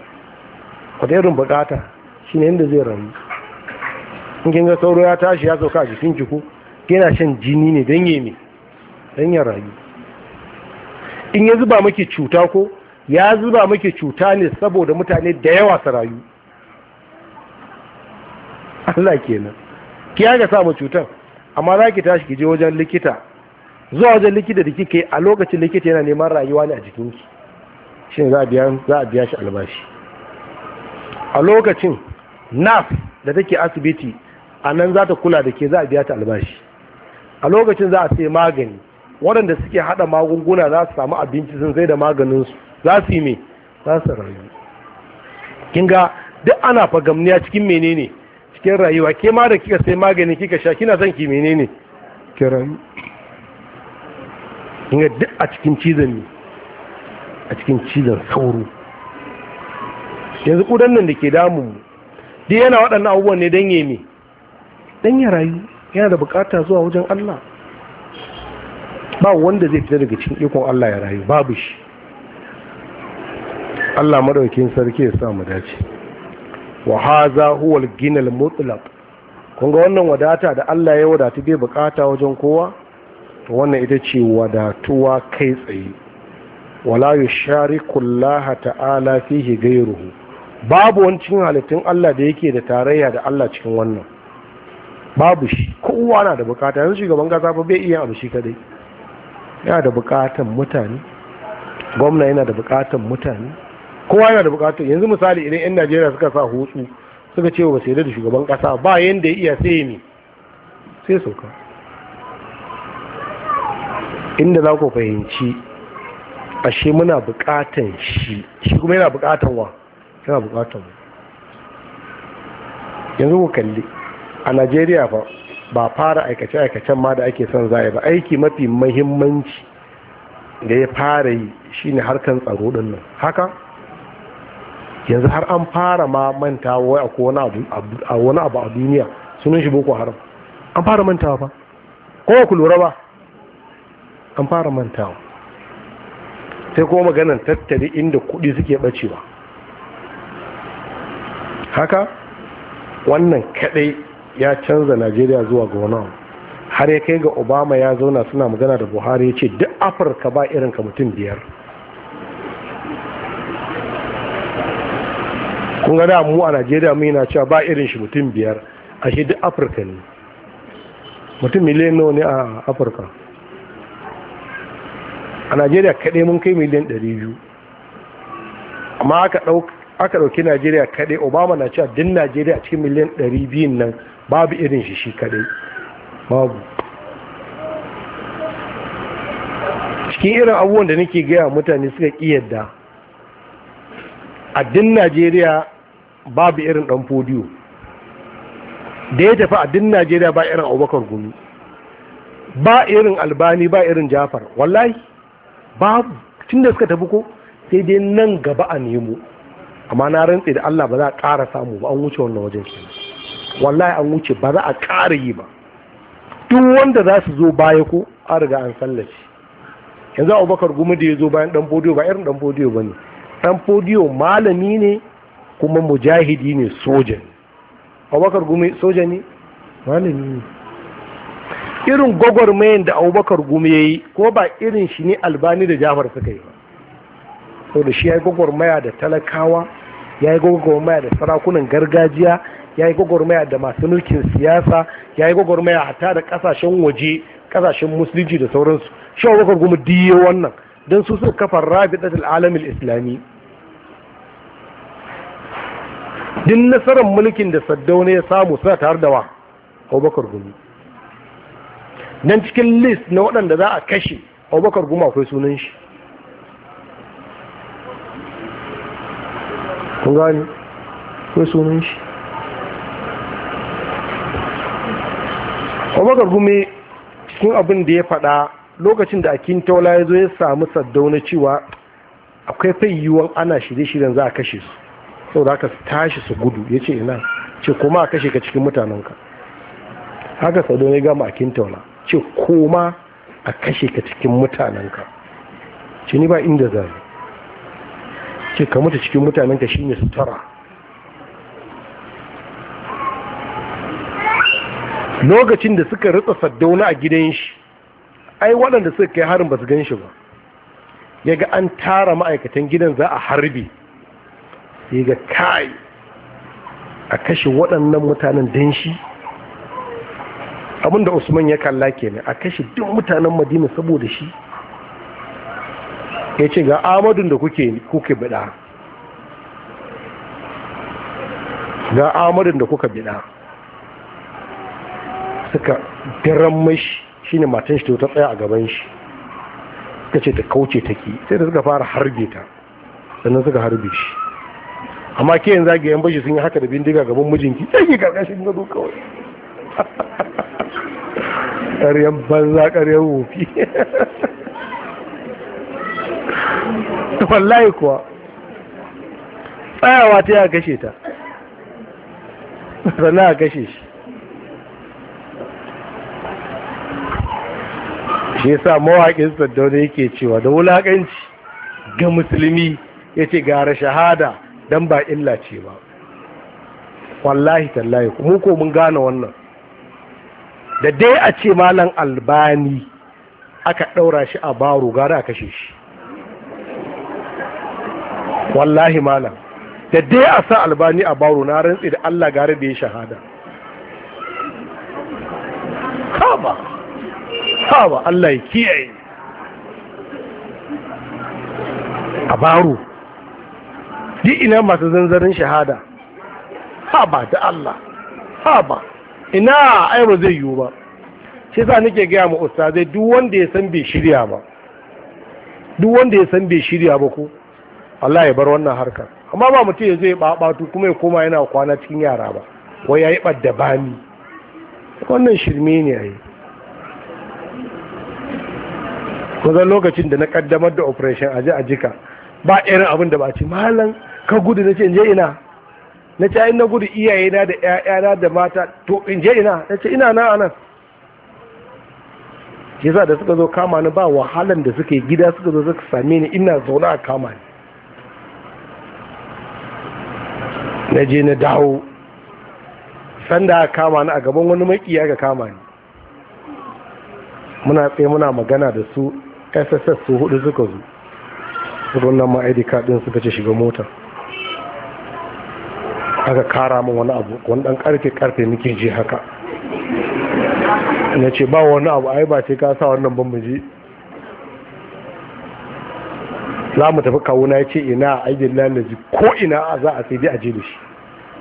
wata irin bukata shine inda zai rayu in kin ga sauro ya tashi ya sauka ji jikin ko yana shan jini ne dan ya me dan ya rayu in ya zuba miki cuta ko ya zuba miki cuta ne saboda mutane da yawa su rayu Allah kenan ki ya ga samu cutar amma za ki tashi ki je wajen likita zuwa wajen likita da kike a lokacin likita yana neman rayuwa ne a jikinki shin za a biya shi albashi a lokacin naf da take asibiti a nan za ta kula da ke za a biya ta albashi a lokacin za a sai magani waɗanda suke haɗa magunguna za su samu abinci sun sai da maganinsu za su yi me za su rayu kin duk ana fagamniya cikin menene cikin rayuwa ke ma da kika sai magani kika sha kina son ki menene rayu. inga duk a cikin cizon ne a cikin cizon sauro yanzu kudan nan da ke damun mu duk yana waɗannan abubuwan ne don yemi don ya rayu yana da bukata zuwa wajen Allah ba wanda zai fita daga cikin ikon Allah ya rayu babu shi Allah madaukin sarki ya sa mu dace wa haza huwa al-ginal mutlaq kun ga wannan wadata da Allah ya wadata bai bukata wajen kowa to wannan ita ce wadatuwa kai tsaye wala yushariku Allah ta'ala fihi ghayruhu babu wani cikin halittun Allah da yake da tarayya da Allah cikin wannan babu shi kowa na da bukata yanzu shugaban kasa fa bai iya abu shi kadai yana da bukatan mutane gwamna yana da bukatan mutane kowa yana da bukatu yanzu misali idan yan najeriya suka sa hutsu suka ce wa sai da shugaban kasa ba yanda ya iya sai ne sai sauka inda za ku fahimci ashe muna bukatan shi shi kuma yana bukatan wa yana bukatan yanzu ku kalli a najeriya fa ba fara aikace-aikacen ma da ake son zai ba aiki mafi mahimmanci da ya fara yi shi shine harkan tsaro din nan haka yanzu har an fara ma manta wai a wani abu a duniya sunan shi boko haram an fara mantawa ba ko ku lura ba an fara mantawa sai kuma maganan tattali inda kudi suke bacewa haka wannan kadai ya canza najeriya zuwa gona har ya kai ga obama ya zauna suna magana da buhari ya ce duk afirka ba irinka mutum biyar kun ga mu a najeriya mu yana cewa ba irin shi mutum biyar a shi duk afirka ne mutum miliyan nawa ne a afirka a najeriya kaɗai mun kai miliyan 200 amma aka ɗauki najeriya kaɗai obama na cewa din najeriya a cikin miliyan 200 nan babu irin shi shi kaɗai babu cikin irin abubuwan da nake gaya mutane suka ƙi yadda a din najeriya babu irin dan fodiyo da ya tafi a din najeriya ba irin abubakar gumi ba irin albani ba irin jafar wallahi babu tun da suka tafi ko sai dai nan gaba a nemo amma na rantse da allah ba za a ƙara samu ba an wuce wannan wajen wallahi an wuce ba za a ƙara yi ba duk wanda za su zo baya ko a riga an sallace yanzu abubakar gumi da ya zo bayan dan fodiyo ba irin dan fodiyo ba ne dan fodiyo malami ne kuma mujahidi ne soja abubakar gumi soja ne malami ne irin gwagwarmayan da abubakar gumi ya yi ko ba irin shi ne albani da jafar suka yi ba sau da shi ya yi gwagwarmaya da talakawa ya yi gwagwarmaya da sarakunan gargajiya ya yi gwagwarmaya da masu mulkin siyasa ya yi gwagwarmaya hata da kasashen waje kasashen musulunci da sauransu shi abubakar gumi diye wannan don su kafar kafa rabitat alamil islami Din nasarar mulkin da saddauna ya samu suna tare da wa abubakar gumi nan cikin list na waɗanda za a kashe abubakar gumi akwai sunan shi kun gani akwai sunan shi abubakar gumi cikin abin da ya faɗa lokacin da akin taula ya zo ya samu saddauna cewa akwai fayyuwan ana shirye-shiryen za a kashe su sau da aka tashi su gudu ya ce ina ce koma a kashe ka cikin mutanenka haka sau ya gama a kintauna ce koma a kashe ka cikin mutanenka ce ni ba inda zai ce ka mutu cikin mutanenka ne sutura lokacin da suka ritsa saddauna a gidan shi ai waɗanda suka kai harin ba su gan shi ba ya ga an tara ma'aikatan gidan za a harbi sai ga kai a kashe waɗannan mutanen don shi abinda usman ya kalla kenan a kashe duk mutanen madina saboda shi ya ce ga amadun da kuke kuke bida ga amadun da kuka bida suka daren mashi shine matan shi ta tsaya a gaban shi suka ce ta kauce take sai da suka fara harbe ta sannan suka harbe shi amma ke yanzu ga yan bashi sun yi haka da bindiga gaban mijinki sai ki karkashin gado kawai ƙaryan banza ƙaryan wofi wallahi kuwa tsayawa ta ya gashe ta sannan a gashe shi shi sa mawaƙin saddauna yake cewa da wulaƙanci ga musulmi ya ce gara shahada don ba illa ce ba wallahi tallahi mu ko mun gane wannan da dai a ce malam albani aka ɗaura shi a baro gara a kashe shi wallahi malam da dai a sa albani a baro na rantsi da allah gara da ya shahada kaba kama allah ya kiyaye a baro Di ina masu zanzarin shahada ha ba da Allah ha ba ina ai ba zai yiwu ba shi sa nake gaya ma ustazai duk wanda ya san bai shirya ba duk wanda ya san bai shirya ba ko Allah ya bar wannan harkar amma ba mutum ya zai ya babatu kuma ya koma yana kwana cikin yara ba wai yayi badda bani wannan shirme ne yayi kusan lokacin da na kaddamar da operation aje a jika ba irin abin da ba ci malam ka gudu na ce in je ina na ce in na gudu iyayena da ƴaƴana da mata to in je ina na ce ina na anan yasa da suka zo kama ni ba wahalan da suka yi gida suka zo suka same ni ina zaune a kama ni na je na dawo sanda a kama ni a gaban wani makiya ga kama ni muna tsaye muna magana da su sss su hudu suka zo su nan ma id card din suka ce shiga mota aka kara min wani abu wani dan karfe karfe nake je haka ya ce ba wani abu ai ba ce ka sa wannan ban muji za mu tafi kawuna ya ce ina a aibin lalaji ko ina a za a sai dai a je da shi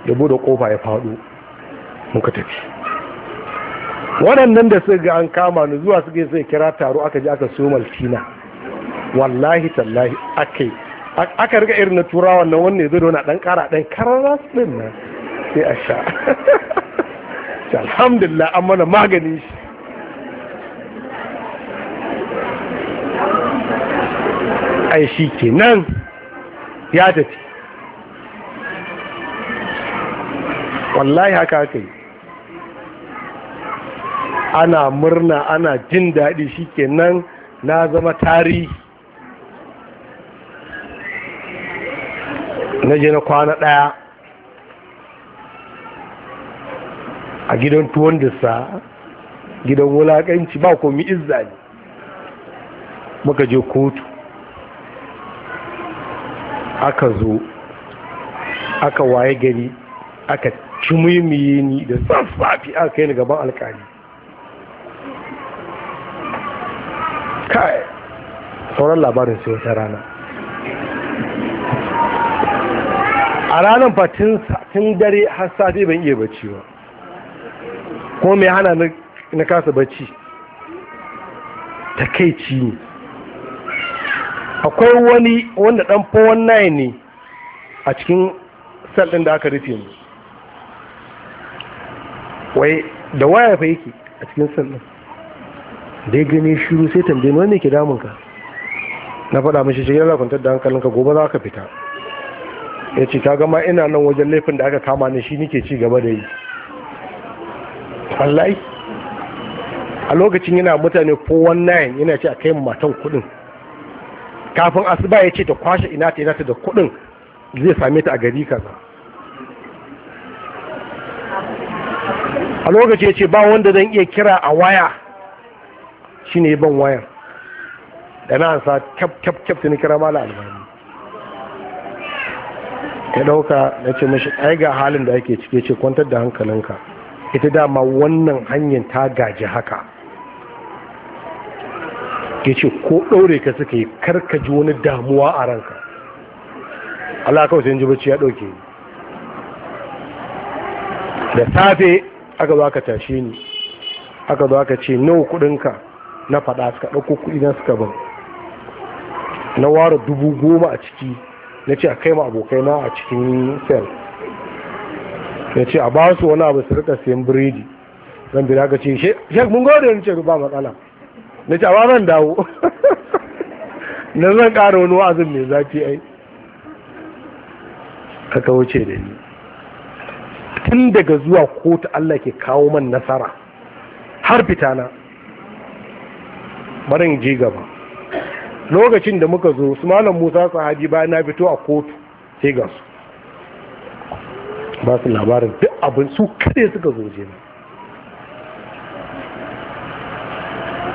ya bude kofa ya faɗo muka tafi waɗannan da suka ga an kama ni zuwa suka sai kira taro aka ji aka so maltina wallahi tallahi yi aka riga irin na turawa wannan wanne zai dona dan kara dan kararas din nan sai a sha alhamdulillah an mana magani shi ai shi kenan ya tafi wallahi haka haka yi ana murna ana jin daɗi shi kenan na zama tarihi na je na kwana ɗaya a gidan tuwon dasa gidan wulaƙanci ba komi izza ne muka je kotu aka zo aka waye gari aka cimimiye ni da safafi aka kai ni gaban alkali kai sauran labarin sai wata rana a ranar fatin tun dare har safe ban iya bacci ba kuma mai hana na kasa bacci takaici ne akwai wani wanda dan fowon naya ne a cikin sallin da aka rufe mu wai da waya fa yake a cikin sallin da ya gane shiru sai tambayi wani ke damunka na faɗa mashi shigar lakuntar da hankalinka gobe za ka fita ya ce ka gama ina nan wajen laifin da aka kama ni shi nike ci gaba da yi allai a lokacin yana mutane ko wannan yana ce a kai matan kudin kafin asuba ya ce ta kwashe ina ta ina ta da kudin zai same ta a gari kaza a lokacin ya ce ba wanda zan iya kira a waya shi shine ban wayan da na ansa kyaf kyaf kyaf ta ni kira mala albani ya ɗauka na ce mashi ai ga halin da ake cike ce kwantar da hankalinka ita dama wannan hanyar ta gaji haka ya ce ko ɗaure ka suka yi karkaji ji wani damuwa a ranka Allah kawai sai ji bacci ya ɗauke ni da safe aka zo aka tashe ni aka zo aka ce nawa kuɗinka na faɗa suka ɗauko kuɗi na suka ban na ware dubu goma a ciki na ce a kai ma abokai na a cikin sel ya ce a ba su wani abu su rika siyan biredi zan bi daga ce shek mun gode ni ce ba matsala na ce a ba zan dawo na zan ƙara wani wa'azin mai zafi ai aka wuce da ni tun daga zuwa kotu Allah ke kawo man nasara har fitana in je gaba lokacin da muka zo su malam musa sahabi ba na fito a kotu sai ga su ba su labarin duk abin su kare suka zo je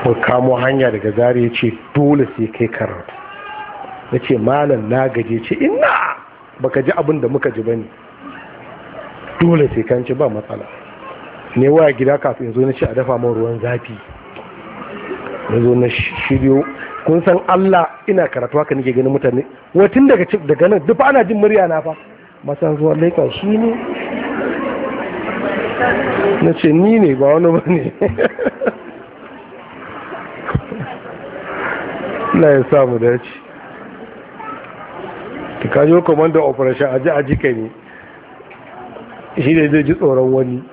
mun kamo hanya daga zari ya ce dole sai kai karatu na ce malam na gaje ce ina baka ji abin da muka ji ba ne dole sai kanci ba matsala ne waya gida kafin zo na ce a dafa man ruwan zafi na zo na shiryo kun san Allah ina karatu haka nake ganin mutane watin daga cik daga nan duk ana jin murya na fa masan zuwa laika shi ne na ce ni ne ba wani ba ne Allah ya samu dace ka kajo commander operation aji aji kai ne shi ne zai ji tsoron wani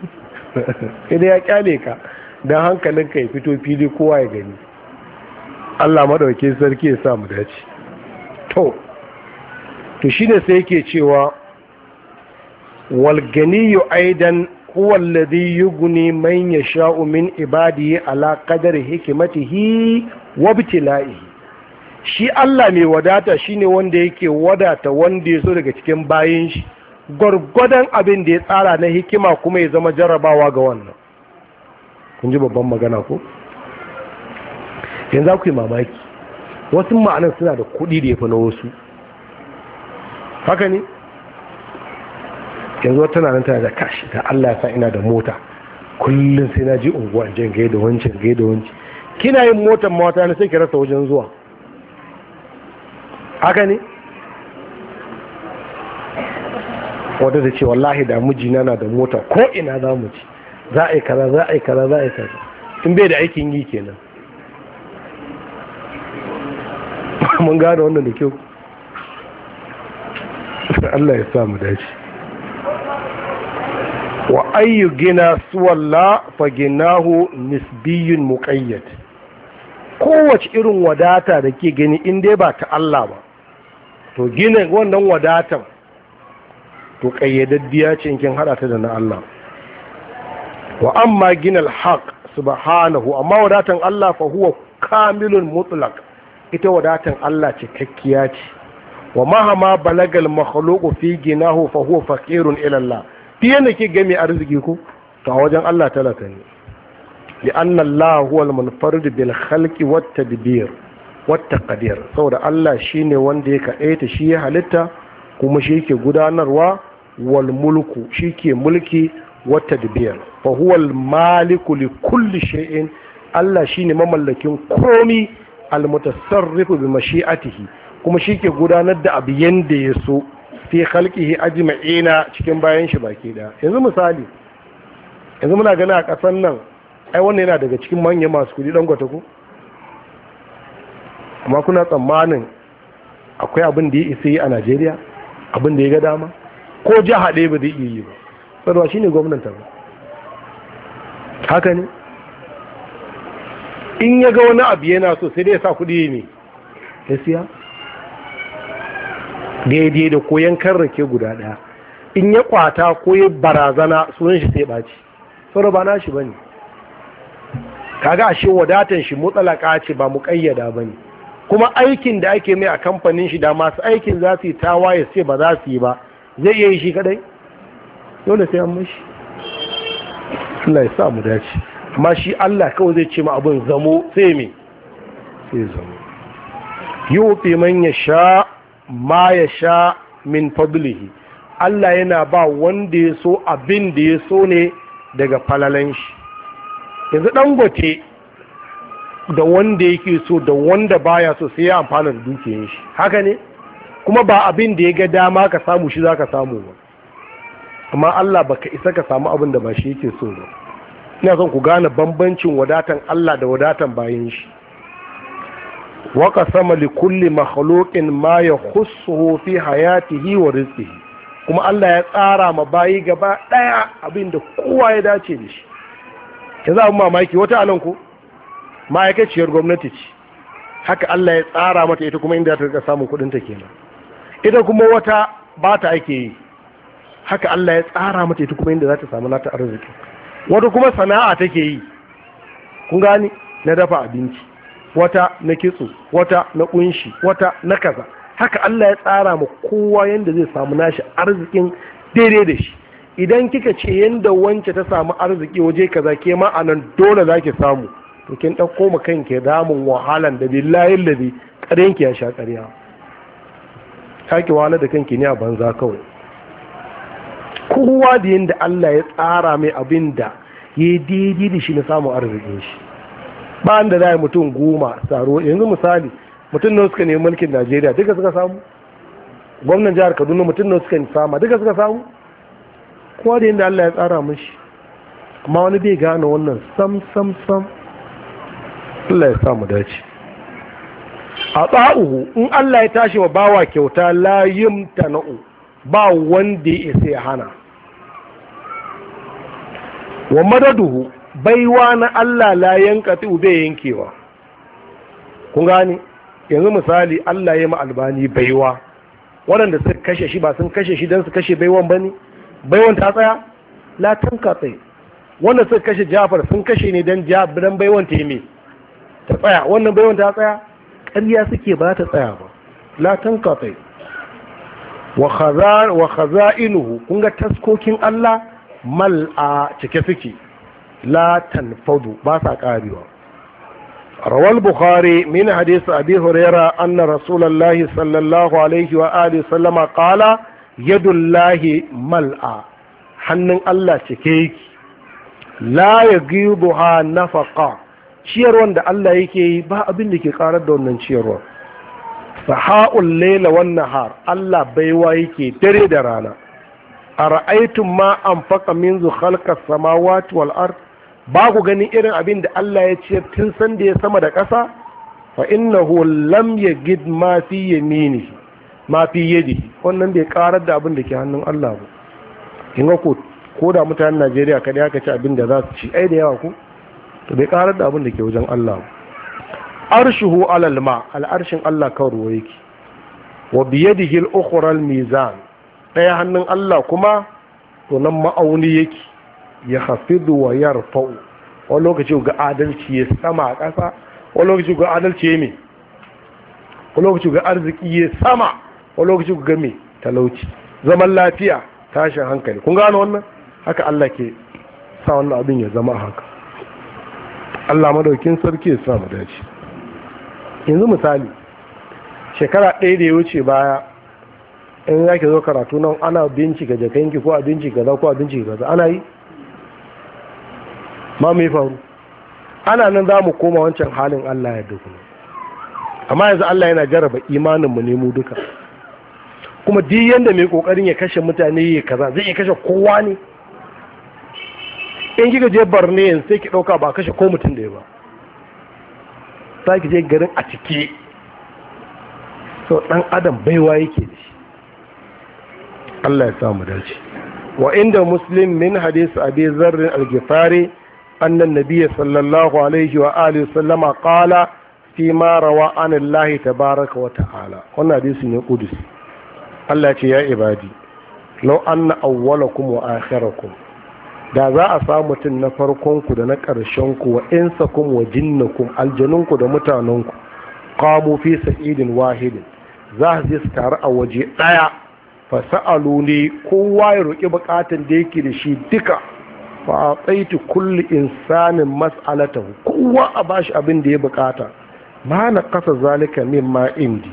idan ya kyale ka don hankalinka ya fito fili kowa ya gani Allah madauke sarki ya sa mu dace to to shine sai yake cewa wal ganiyyu aidan huwa alladhi yughni man yasha'u min ibadihi ala qadri hikmatihi wa ibtila'ihi shi Allah mai wadata shine wanda yake wadata wanda ya daga cikin bayin shi gwargwadon abin da ya tsara na hikima kuma ya zama jarabawa ga wannan kun ji babban magana ko yanzu za ku yi mamaki wasu ma'anar suna da kuɗi da ya fi na wasu haka ne yanzu wata nan tana da kashi da Allah ya sa ina da mota kullum sai na ji unguwa in gai da wancan gai da wancan kina yin motar mata na sai ki rasa wajen zuwa haka ne wadda da ce wallahi da mijina na da mota ko ina za mu ci za a yi kaza za a yi kaza za a yi kaza in bai da aikin yi kenan mun gane wannan da kyau Allah ya samu dace wa ayyu gina suwalla fa ginahu nisbiyun muqayyad kowace irin wadata da ke gani in dai ba ta Allah ba to gina wannan wadatan to kayyadaddiya ce in kin hada ta da na Allah wa amma gina al-haq subhanahu amma wadatan Allah fa huwa kamilun mutlaq ita wadatan Allah cikakkiya ce wa mahama balagal makhluqu fi ginahu fa huwa faqirun ila Allah fiye da ke game arziki ku to a wajen Allah talaka ne li anna Allah huwa al-munfarid bil khalqi wat tadbir wat taqdir saboda Allah shine wanda ya kadaita shi ya halitta kuma shi ke gudanarwa wal mulku shi ke mulki wat tadbir fa huwa al-maliku li kulli shay'in Allah shine mamallakin komi almutasarrifu bi mashi'atihi kuma shi ke gudanar da abu yanda ya so fi khalqihi ajma'ina cikin bayan shi baki da yanzu misali yanzu muna gani a kasan nan ai wannan yana daga cikin manyan masu kudi dan gwata ko amma kuna tsammanin akwai abin da ya isa yi a Najeriya abin da ya ga dama ko jiha ɗaya ba zai iya yi ba saboda shine gwamnatin ba haka ne in ya ga wani abu yana so sai dai sa kuɗi ne ya siya daidai da koyan kan rake guda ɗaya in ya kwata ko ya barazana sunan shi sai ɓaci sauro ba na shi ba ne kaga ashe wadatan shi mutsalaka ce ba mu ƙayyada ba ne kuma aikin da ake mai a kamfanin shi da masu aikin za su yi tawaye sai ba za su yi ba zai iya yi shi kadai dole sai an mashi Allah ya sa mu dace amma shi Allah kawai zai ce ma abin zamo sai me sai zamo yufi man ya sha ma ya sha min fadlihi Allah yana ba wanda ya so abin da ya so ne daga falalan shi yanzu dangote da wanda yake so da wanda baya so sai ya amfana da dukiyan shi haka ne kuma ba abin da ya ga dama ka samu shi za ka samu ba amma Allah baka isa ka samu abin da ba shi yake so ba ina son ku gane bambancin wadatan Allah da wadatan bayan shi waka sama li kulli makhluqin ma yakhussuhu fi hayatihi wa rizqihi kuma Allah ya tsara ma bayi gaba daya abinda kowa ya dace da shi za mu mamaki wata anan ku? ma'aikaciyar gwamnati ce haka Allah ya tsara mata ita kuma inda ta rika samun kudin ta kenan ita kuma wata ba ta ake yi haka Allah ya tsara mata ita kuma inda za ta samu nata arziki wata kuma sana'a take yi kun gani na dafa abinci wata na kitso wata na kunshi wata na kaza haka Allah ya tsara ma kowa yanda zai samu nashi arzikin daidai da shi idan kika ce yanda wance ta samu arziki waje kaza ke ma anan dole zaki samu to kin dauko ma kanki damun wahalan da billahi allazi ƙaryanki ya sha ƙarya kake wahala da kanki ne a banza kawai kowa da yadda Allah ya tsara mai abin da ya yi daidai da shi na samun arzikin shi ba da za mutum goma tsaro yanzu misali mutum nan suka nemi mulkin najeriya duka suka samu gwamnan jihar kaduna mutum nan suka sama duka suka samu kowa da yadda Allah ya tsara shi. amma wani bai gane wannan sam sam sam Allah ya samu dace a tsa'uhu in Allah ya tashi wa bawa kyauta la na'u ba wanda ya sai hana wa madaduhu baiwa na Allah la tu bai yankewa kun gane yanzu misali Allah ya ma albani baiwa waɗanda suka kashe shi ba sun kashe shi don su kashe baiwan ba ne baiwan ta tsaya la tanka tsaye wanda suka kashe jafar sun kashe ne don don baiwan ta yi ta tsaya wannan baiwan ta tsaya ƙarya suke ba ta tsaya ba la tanka tsaye wa khazainuhu kun ga taskokin Allah mal a cike suke latan fadu ba sa karewa rawal bukhari min hadisi abi huraira anna rasulullah sallallahu alaihi wa ali sallama qala yadullahi mal'a hannun allah cike yake la yaghibuha nafaqa ciyarwan da allah yake yi ba abin da ke karar da wannan ciyarwa sahaul laila wan nahar allah baiwa yake dare da rana a ra'aitun ma an faka min zu samawati wal ard ba ku ganin irin abin da Allah ya ce tun san da ya sama da ƙasa fa innahu lam yajid ma fi yamini ma fi yadi wannan bai karar da abin da ke hannun Allah ba kin ga ko ko da mutanen Najeriya kada aka ci abin da za su ci ai da yawa ku to bai karar da abin da ke wajen Allah ba arshuhu alal ma al'arshin Allah kan ruwa yake wa biyadihi al-ukhra al-mizan ɗaya hannun Allah kuma to nan ma'auni yake ya hafidu wa rufau wani lokaci ga adalci ya sama a ƙasa wani lokaci ga adalci ya me wani lokaci ga arziki ya sama wani lokaci ga me talauci zaman lafiya tashin hankali kun gano wannan haka Allah ke sa wannan abin ya zama haka Allah madaukin sarki ya sa mu dace yanzu misali shekara ɗaya da ya wuce baya in ya ke zo karatu nan ana bincika ki ko a bincika za ko a bincika gaza ana yi ma mai faru ana nan za mu koma wancan halin allah ya dukuna amma yanzu allah yana jaraba imaninmu ne mu duka kuma duk yadda mai kokarin ya kashe mutane ya kaza zai iya kashe kowa ne in kika je barne yanzu sai ki ɗauka ba kashe ko mutum da ya ba za ki je garin a cike so dan adam baiwa yake da shi Allah ya samu dace wa inda muslim min hadisi abi zarrin al-gifari annan nabiyya sallallahu alaihi wa alihi sallama qala fi ma rawa an Allah tabaraka wa ta'ala wannan hadisi ne qudus Allah ce ya ibadi law anna awwalakum wa akhirakum da za a samu mutum na farkon ku da na ƙarshen ku wa insakum wa jinnakum aljanunku da mutanenku qamu fi sa'idin wahidin za su taru a waje ɗaya fasa'alu ne kowa ya roƙi bukatun da yake da shi duka fa a tsaiti kulli insanin masalata kowa a bashi abin da ya bukata ma na kasa zalika min ma indi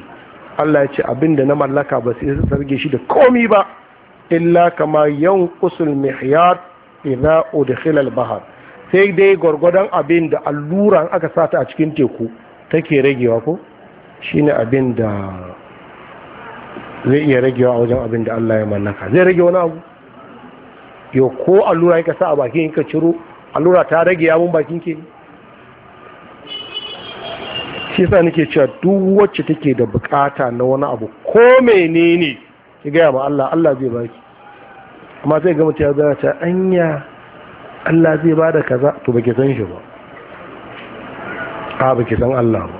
Allah ya ce abin da na mallaka ba sai su sarge shi da komi ba illa kama yanqusul mihyat ina udkhila al-bahr sai dai gwargwadon abin da alluran aka sata a cikin teku take ragewa ko shine abin da zai iya ragewa a wajen abin da Allah ya mallaka zai rage wani abu yau ko allura ka sa a bakin ka ciro allura ta rage yawon bakin ke shi sa nake cewa duk wacce take da bukata na wani abu ko menene ki gaya ma Allah Allah zai baki amma sai ga mutum ya zara ta anya Allah zai bada kaza to baki san shi ba a baki san Allah ba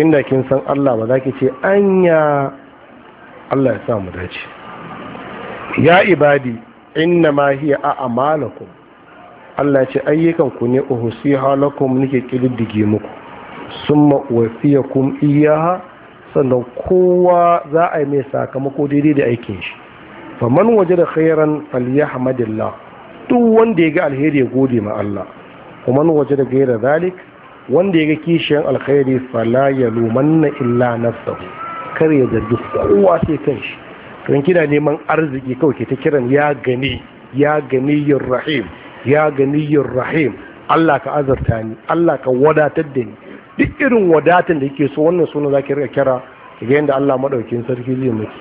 inda kin san Allah ba za ki ce anya Allah ya sa mu dace ya ibadi inna ma hiya a amalakum Allah ce ayyukan ku ne uhusiha lakum nake kididdige muku summa wasiyakum iyaha sannan kowa za a yi mai sakamako daidai da aikin shi fa waje da khairan falyahmadillah duk wanda ya ga alheri ya gode ma Allah kuman waje da gaira zalik wanda ya ga kishiyan alkhairi fala yalumanna illa nafsahu kar ya zargi kowa sai kan shi kan kina neman arziki kawai ke ta kiran ya gani ya gani yin rahim ya gani yin rahim Allah ka azarta ni Allah ka wadatar da ni duk irin wadatar da yake so wannan suna zaki rika kira kiga yadda Allah madaukin sarki zai miki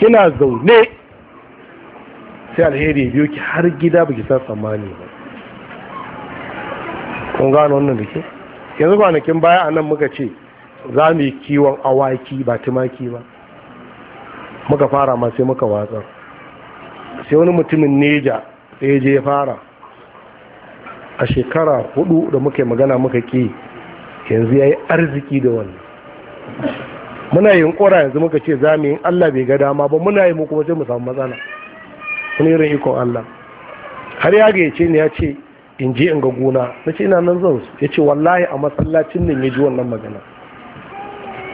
kina zaune sai alheri biyo ki har gida baki san tsammani ba kun gano wannan da ke yanzu kwanakin baya anan muka ce za mu yi kiwon awaki ba tumaki ba muka fara ma sai muka watsar sai wani mutumin neja sai je fara a shekara hudu da muka yi magana muka ke yanzu ya yi arziki da wannan muna yin kora yanzu muka ce za mu yi allah bai ga dama ba muna yi muku kuma sai mu samu matsala wani irin ikon allah har ya gayyace ni ya ce in je in ga gona na ce ina nan zan su ya ce wallahi a masallacin nan ya ji wannan magana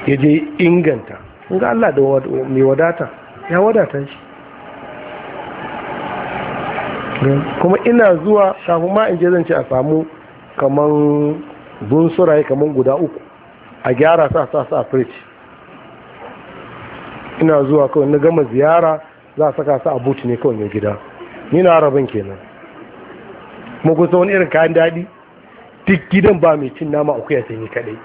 ya je inganta ga Allah da mai wadata ya wadata shi kuma ina zuwa kafin ma in je zan ce a samu kamar bunsuraye kamar guda uku a gyara sa sa sa fridge ina zuwa kawai na gama ziyara za a saka sa a buti ne kawai mai gida ni na rabin kenan mu kusa wani irin kayan daɗi duk gidan ba mai cin nama akuya sai yi kaɗai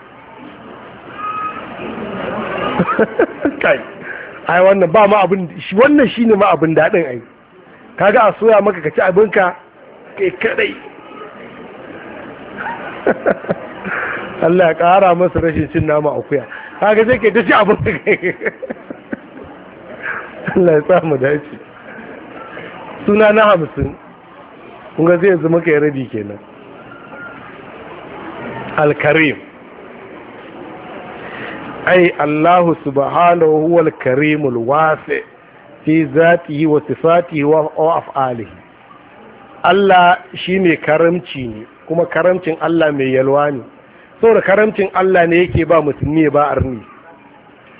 kai ai wannan ba ma abin shi wannan shine ma abin dadin ai kaga a soya maka ka ci Ka kai kadai Allah ya kara masa rashin cin nama a kuya kaga sai kai ta ci kai Allah ya samu dace suna na hamsin kunga zai zama kai rabi kenan Al-karim. ai Allahu subhanahu wal karimul wasi fi zatihi wa sifatihi wa af'alihi Allah shine karamci ne kuma karamcin Allah mai yalwa ne saboda karamcin Allah ne yake ba musulmi ba arni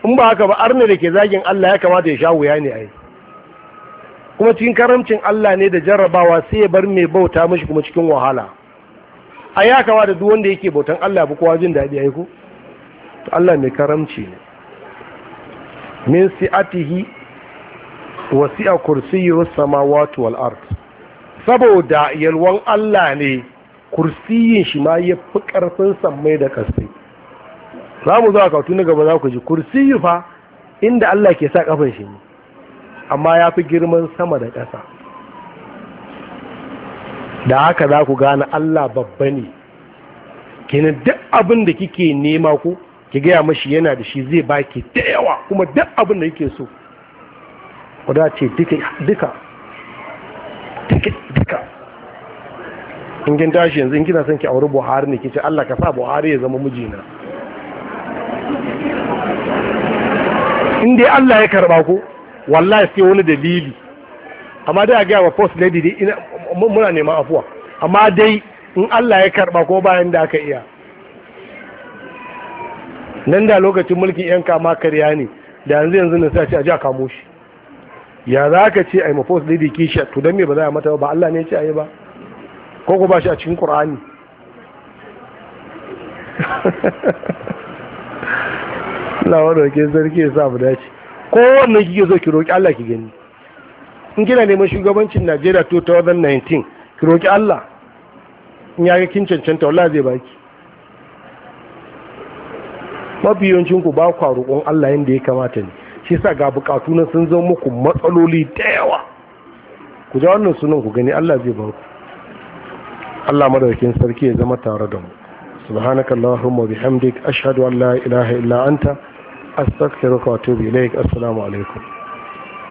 in ba haka ba arni da ke zagin Allah ya kamata ya sha wuya ne ai kuma cikin karamcin Allah ne da jarrabawa sai ya bar mai bauta mashi kuma cikin wahala a ya kamata duk wanda yake bautan Allah ya bi kowa jin daɗi ai ko to Allah mai karamci ne min si'atihi wa si'a kursiyyus samawatu wal ard saboda yalwan Allah ne kursiyin shi ma ya fi karfin samai da ƙasai za mu zuwa kautu na gaba za ku ji kursiyi fa inda Allah ke sa kafin shi ne amma ya fi girman sama da ƙasa da haka za ku gane Allah babba ne kenan duk abin da kike nema ko. ki gaya mashi yana da shi zai baki da yawa kuma duk abin da yake so ku dace duka duka in kin tashi yanzu in gina son ki auri buhari ne ke Allah ka sa buhari ya zama mijina in dai Allah ya karba ko wallahi sai wani dalili amma dai a gaya wa post lady dai muna neman afuwa amma dai in Allah ya karba ko bayan da aka iya nan da lokacin mulkin yan kama karya ne da yanzu yanzu na sace a ji a kamo shi ya za ka ce a yi mafos lady kisha to don me ba za a mata ba Allah ne ce a yi ba ko ku ba shi a cikin ƙur'ani lawar ke sarki ya sa mu dace ko wannan kike so ki roƙi Allah ki gani in kina neman shugabancin Najeriya 2019 ki roƙi Allah in ya ga kin cancanta wallahi zai baki mafi ku ba ku roƙon Allah yanda ya kamata ne shi sa ga bukatu na sun zama muku matsaloli da yawa ku ja wannan sunan ku gani Allah zai bar ku Allah madaukakin sarki ya zama tare da mu subhanaka allahumma bihamdik ashhadu an la ilaha illa anta astaghfiruka wa atubu ilaik assalamu alaikum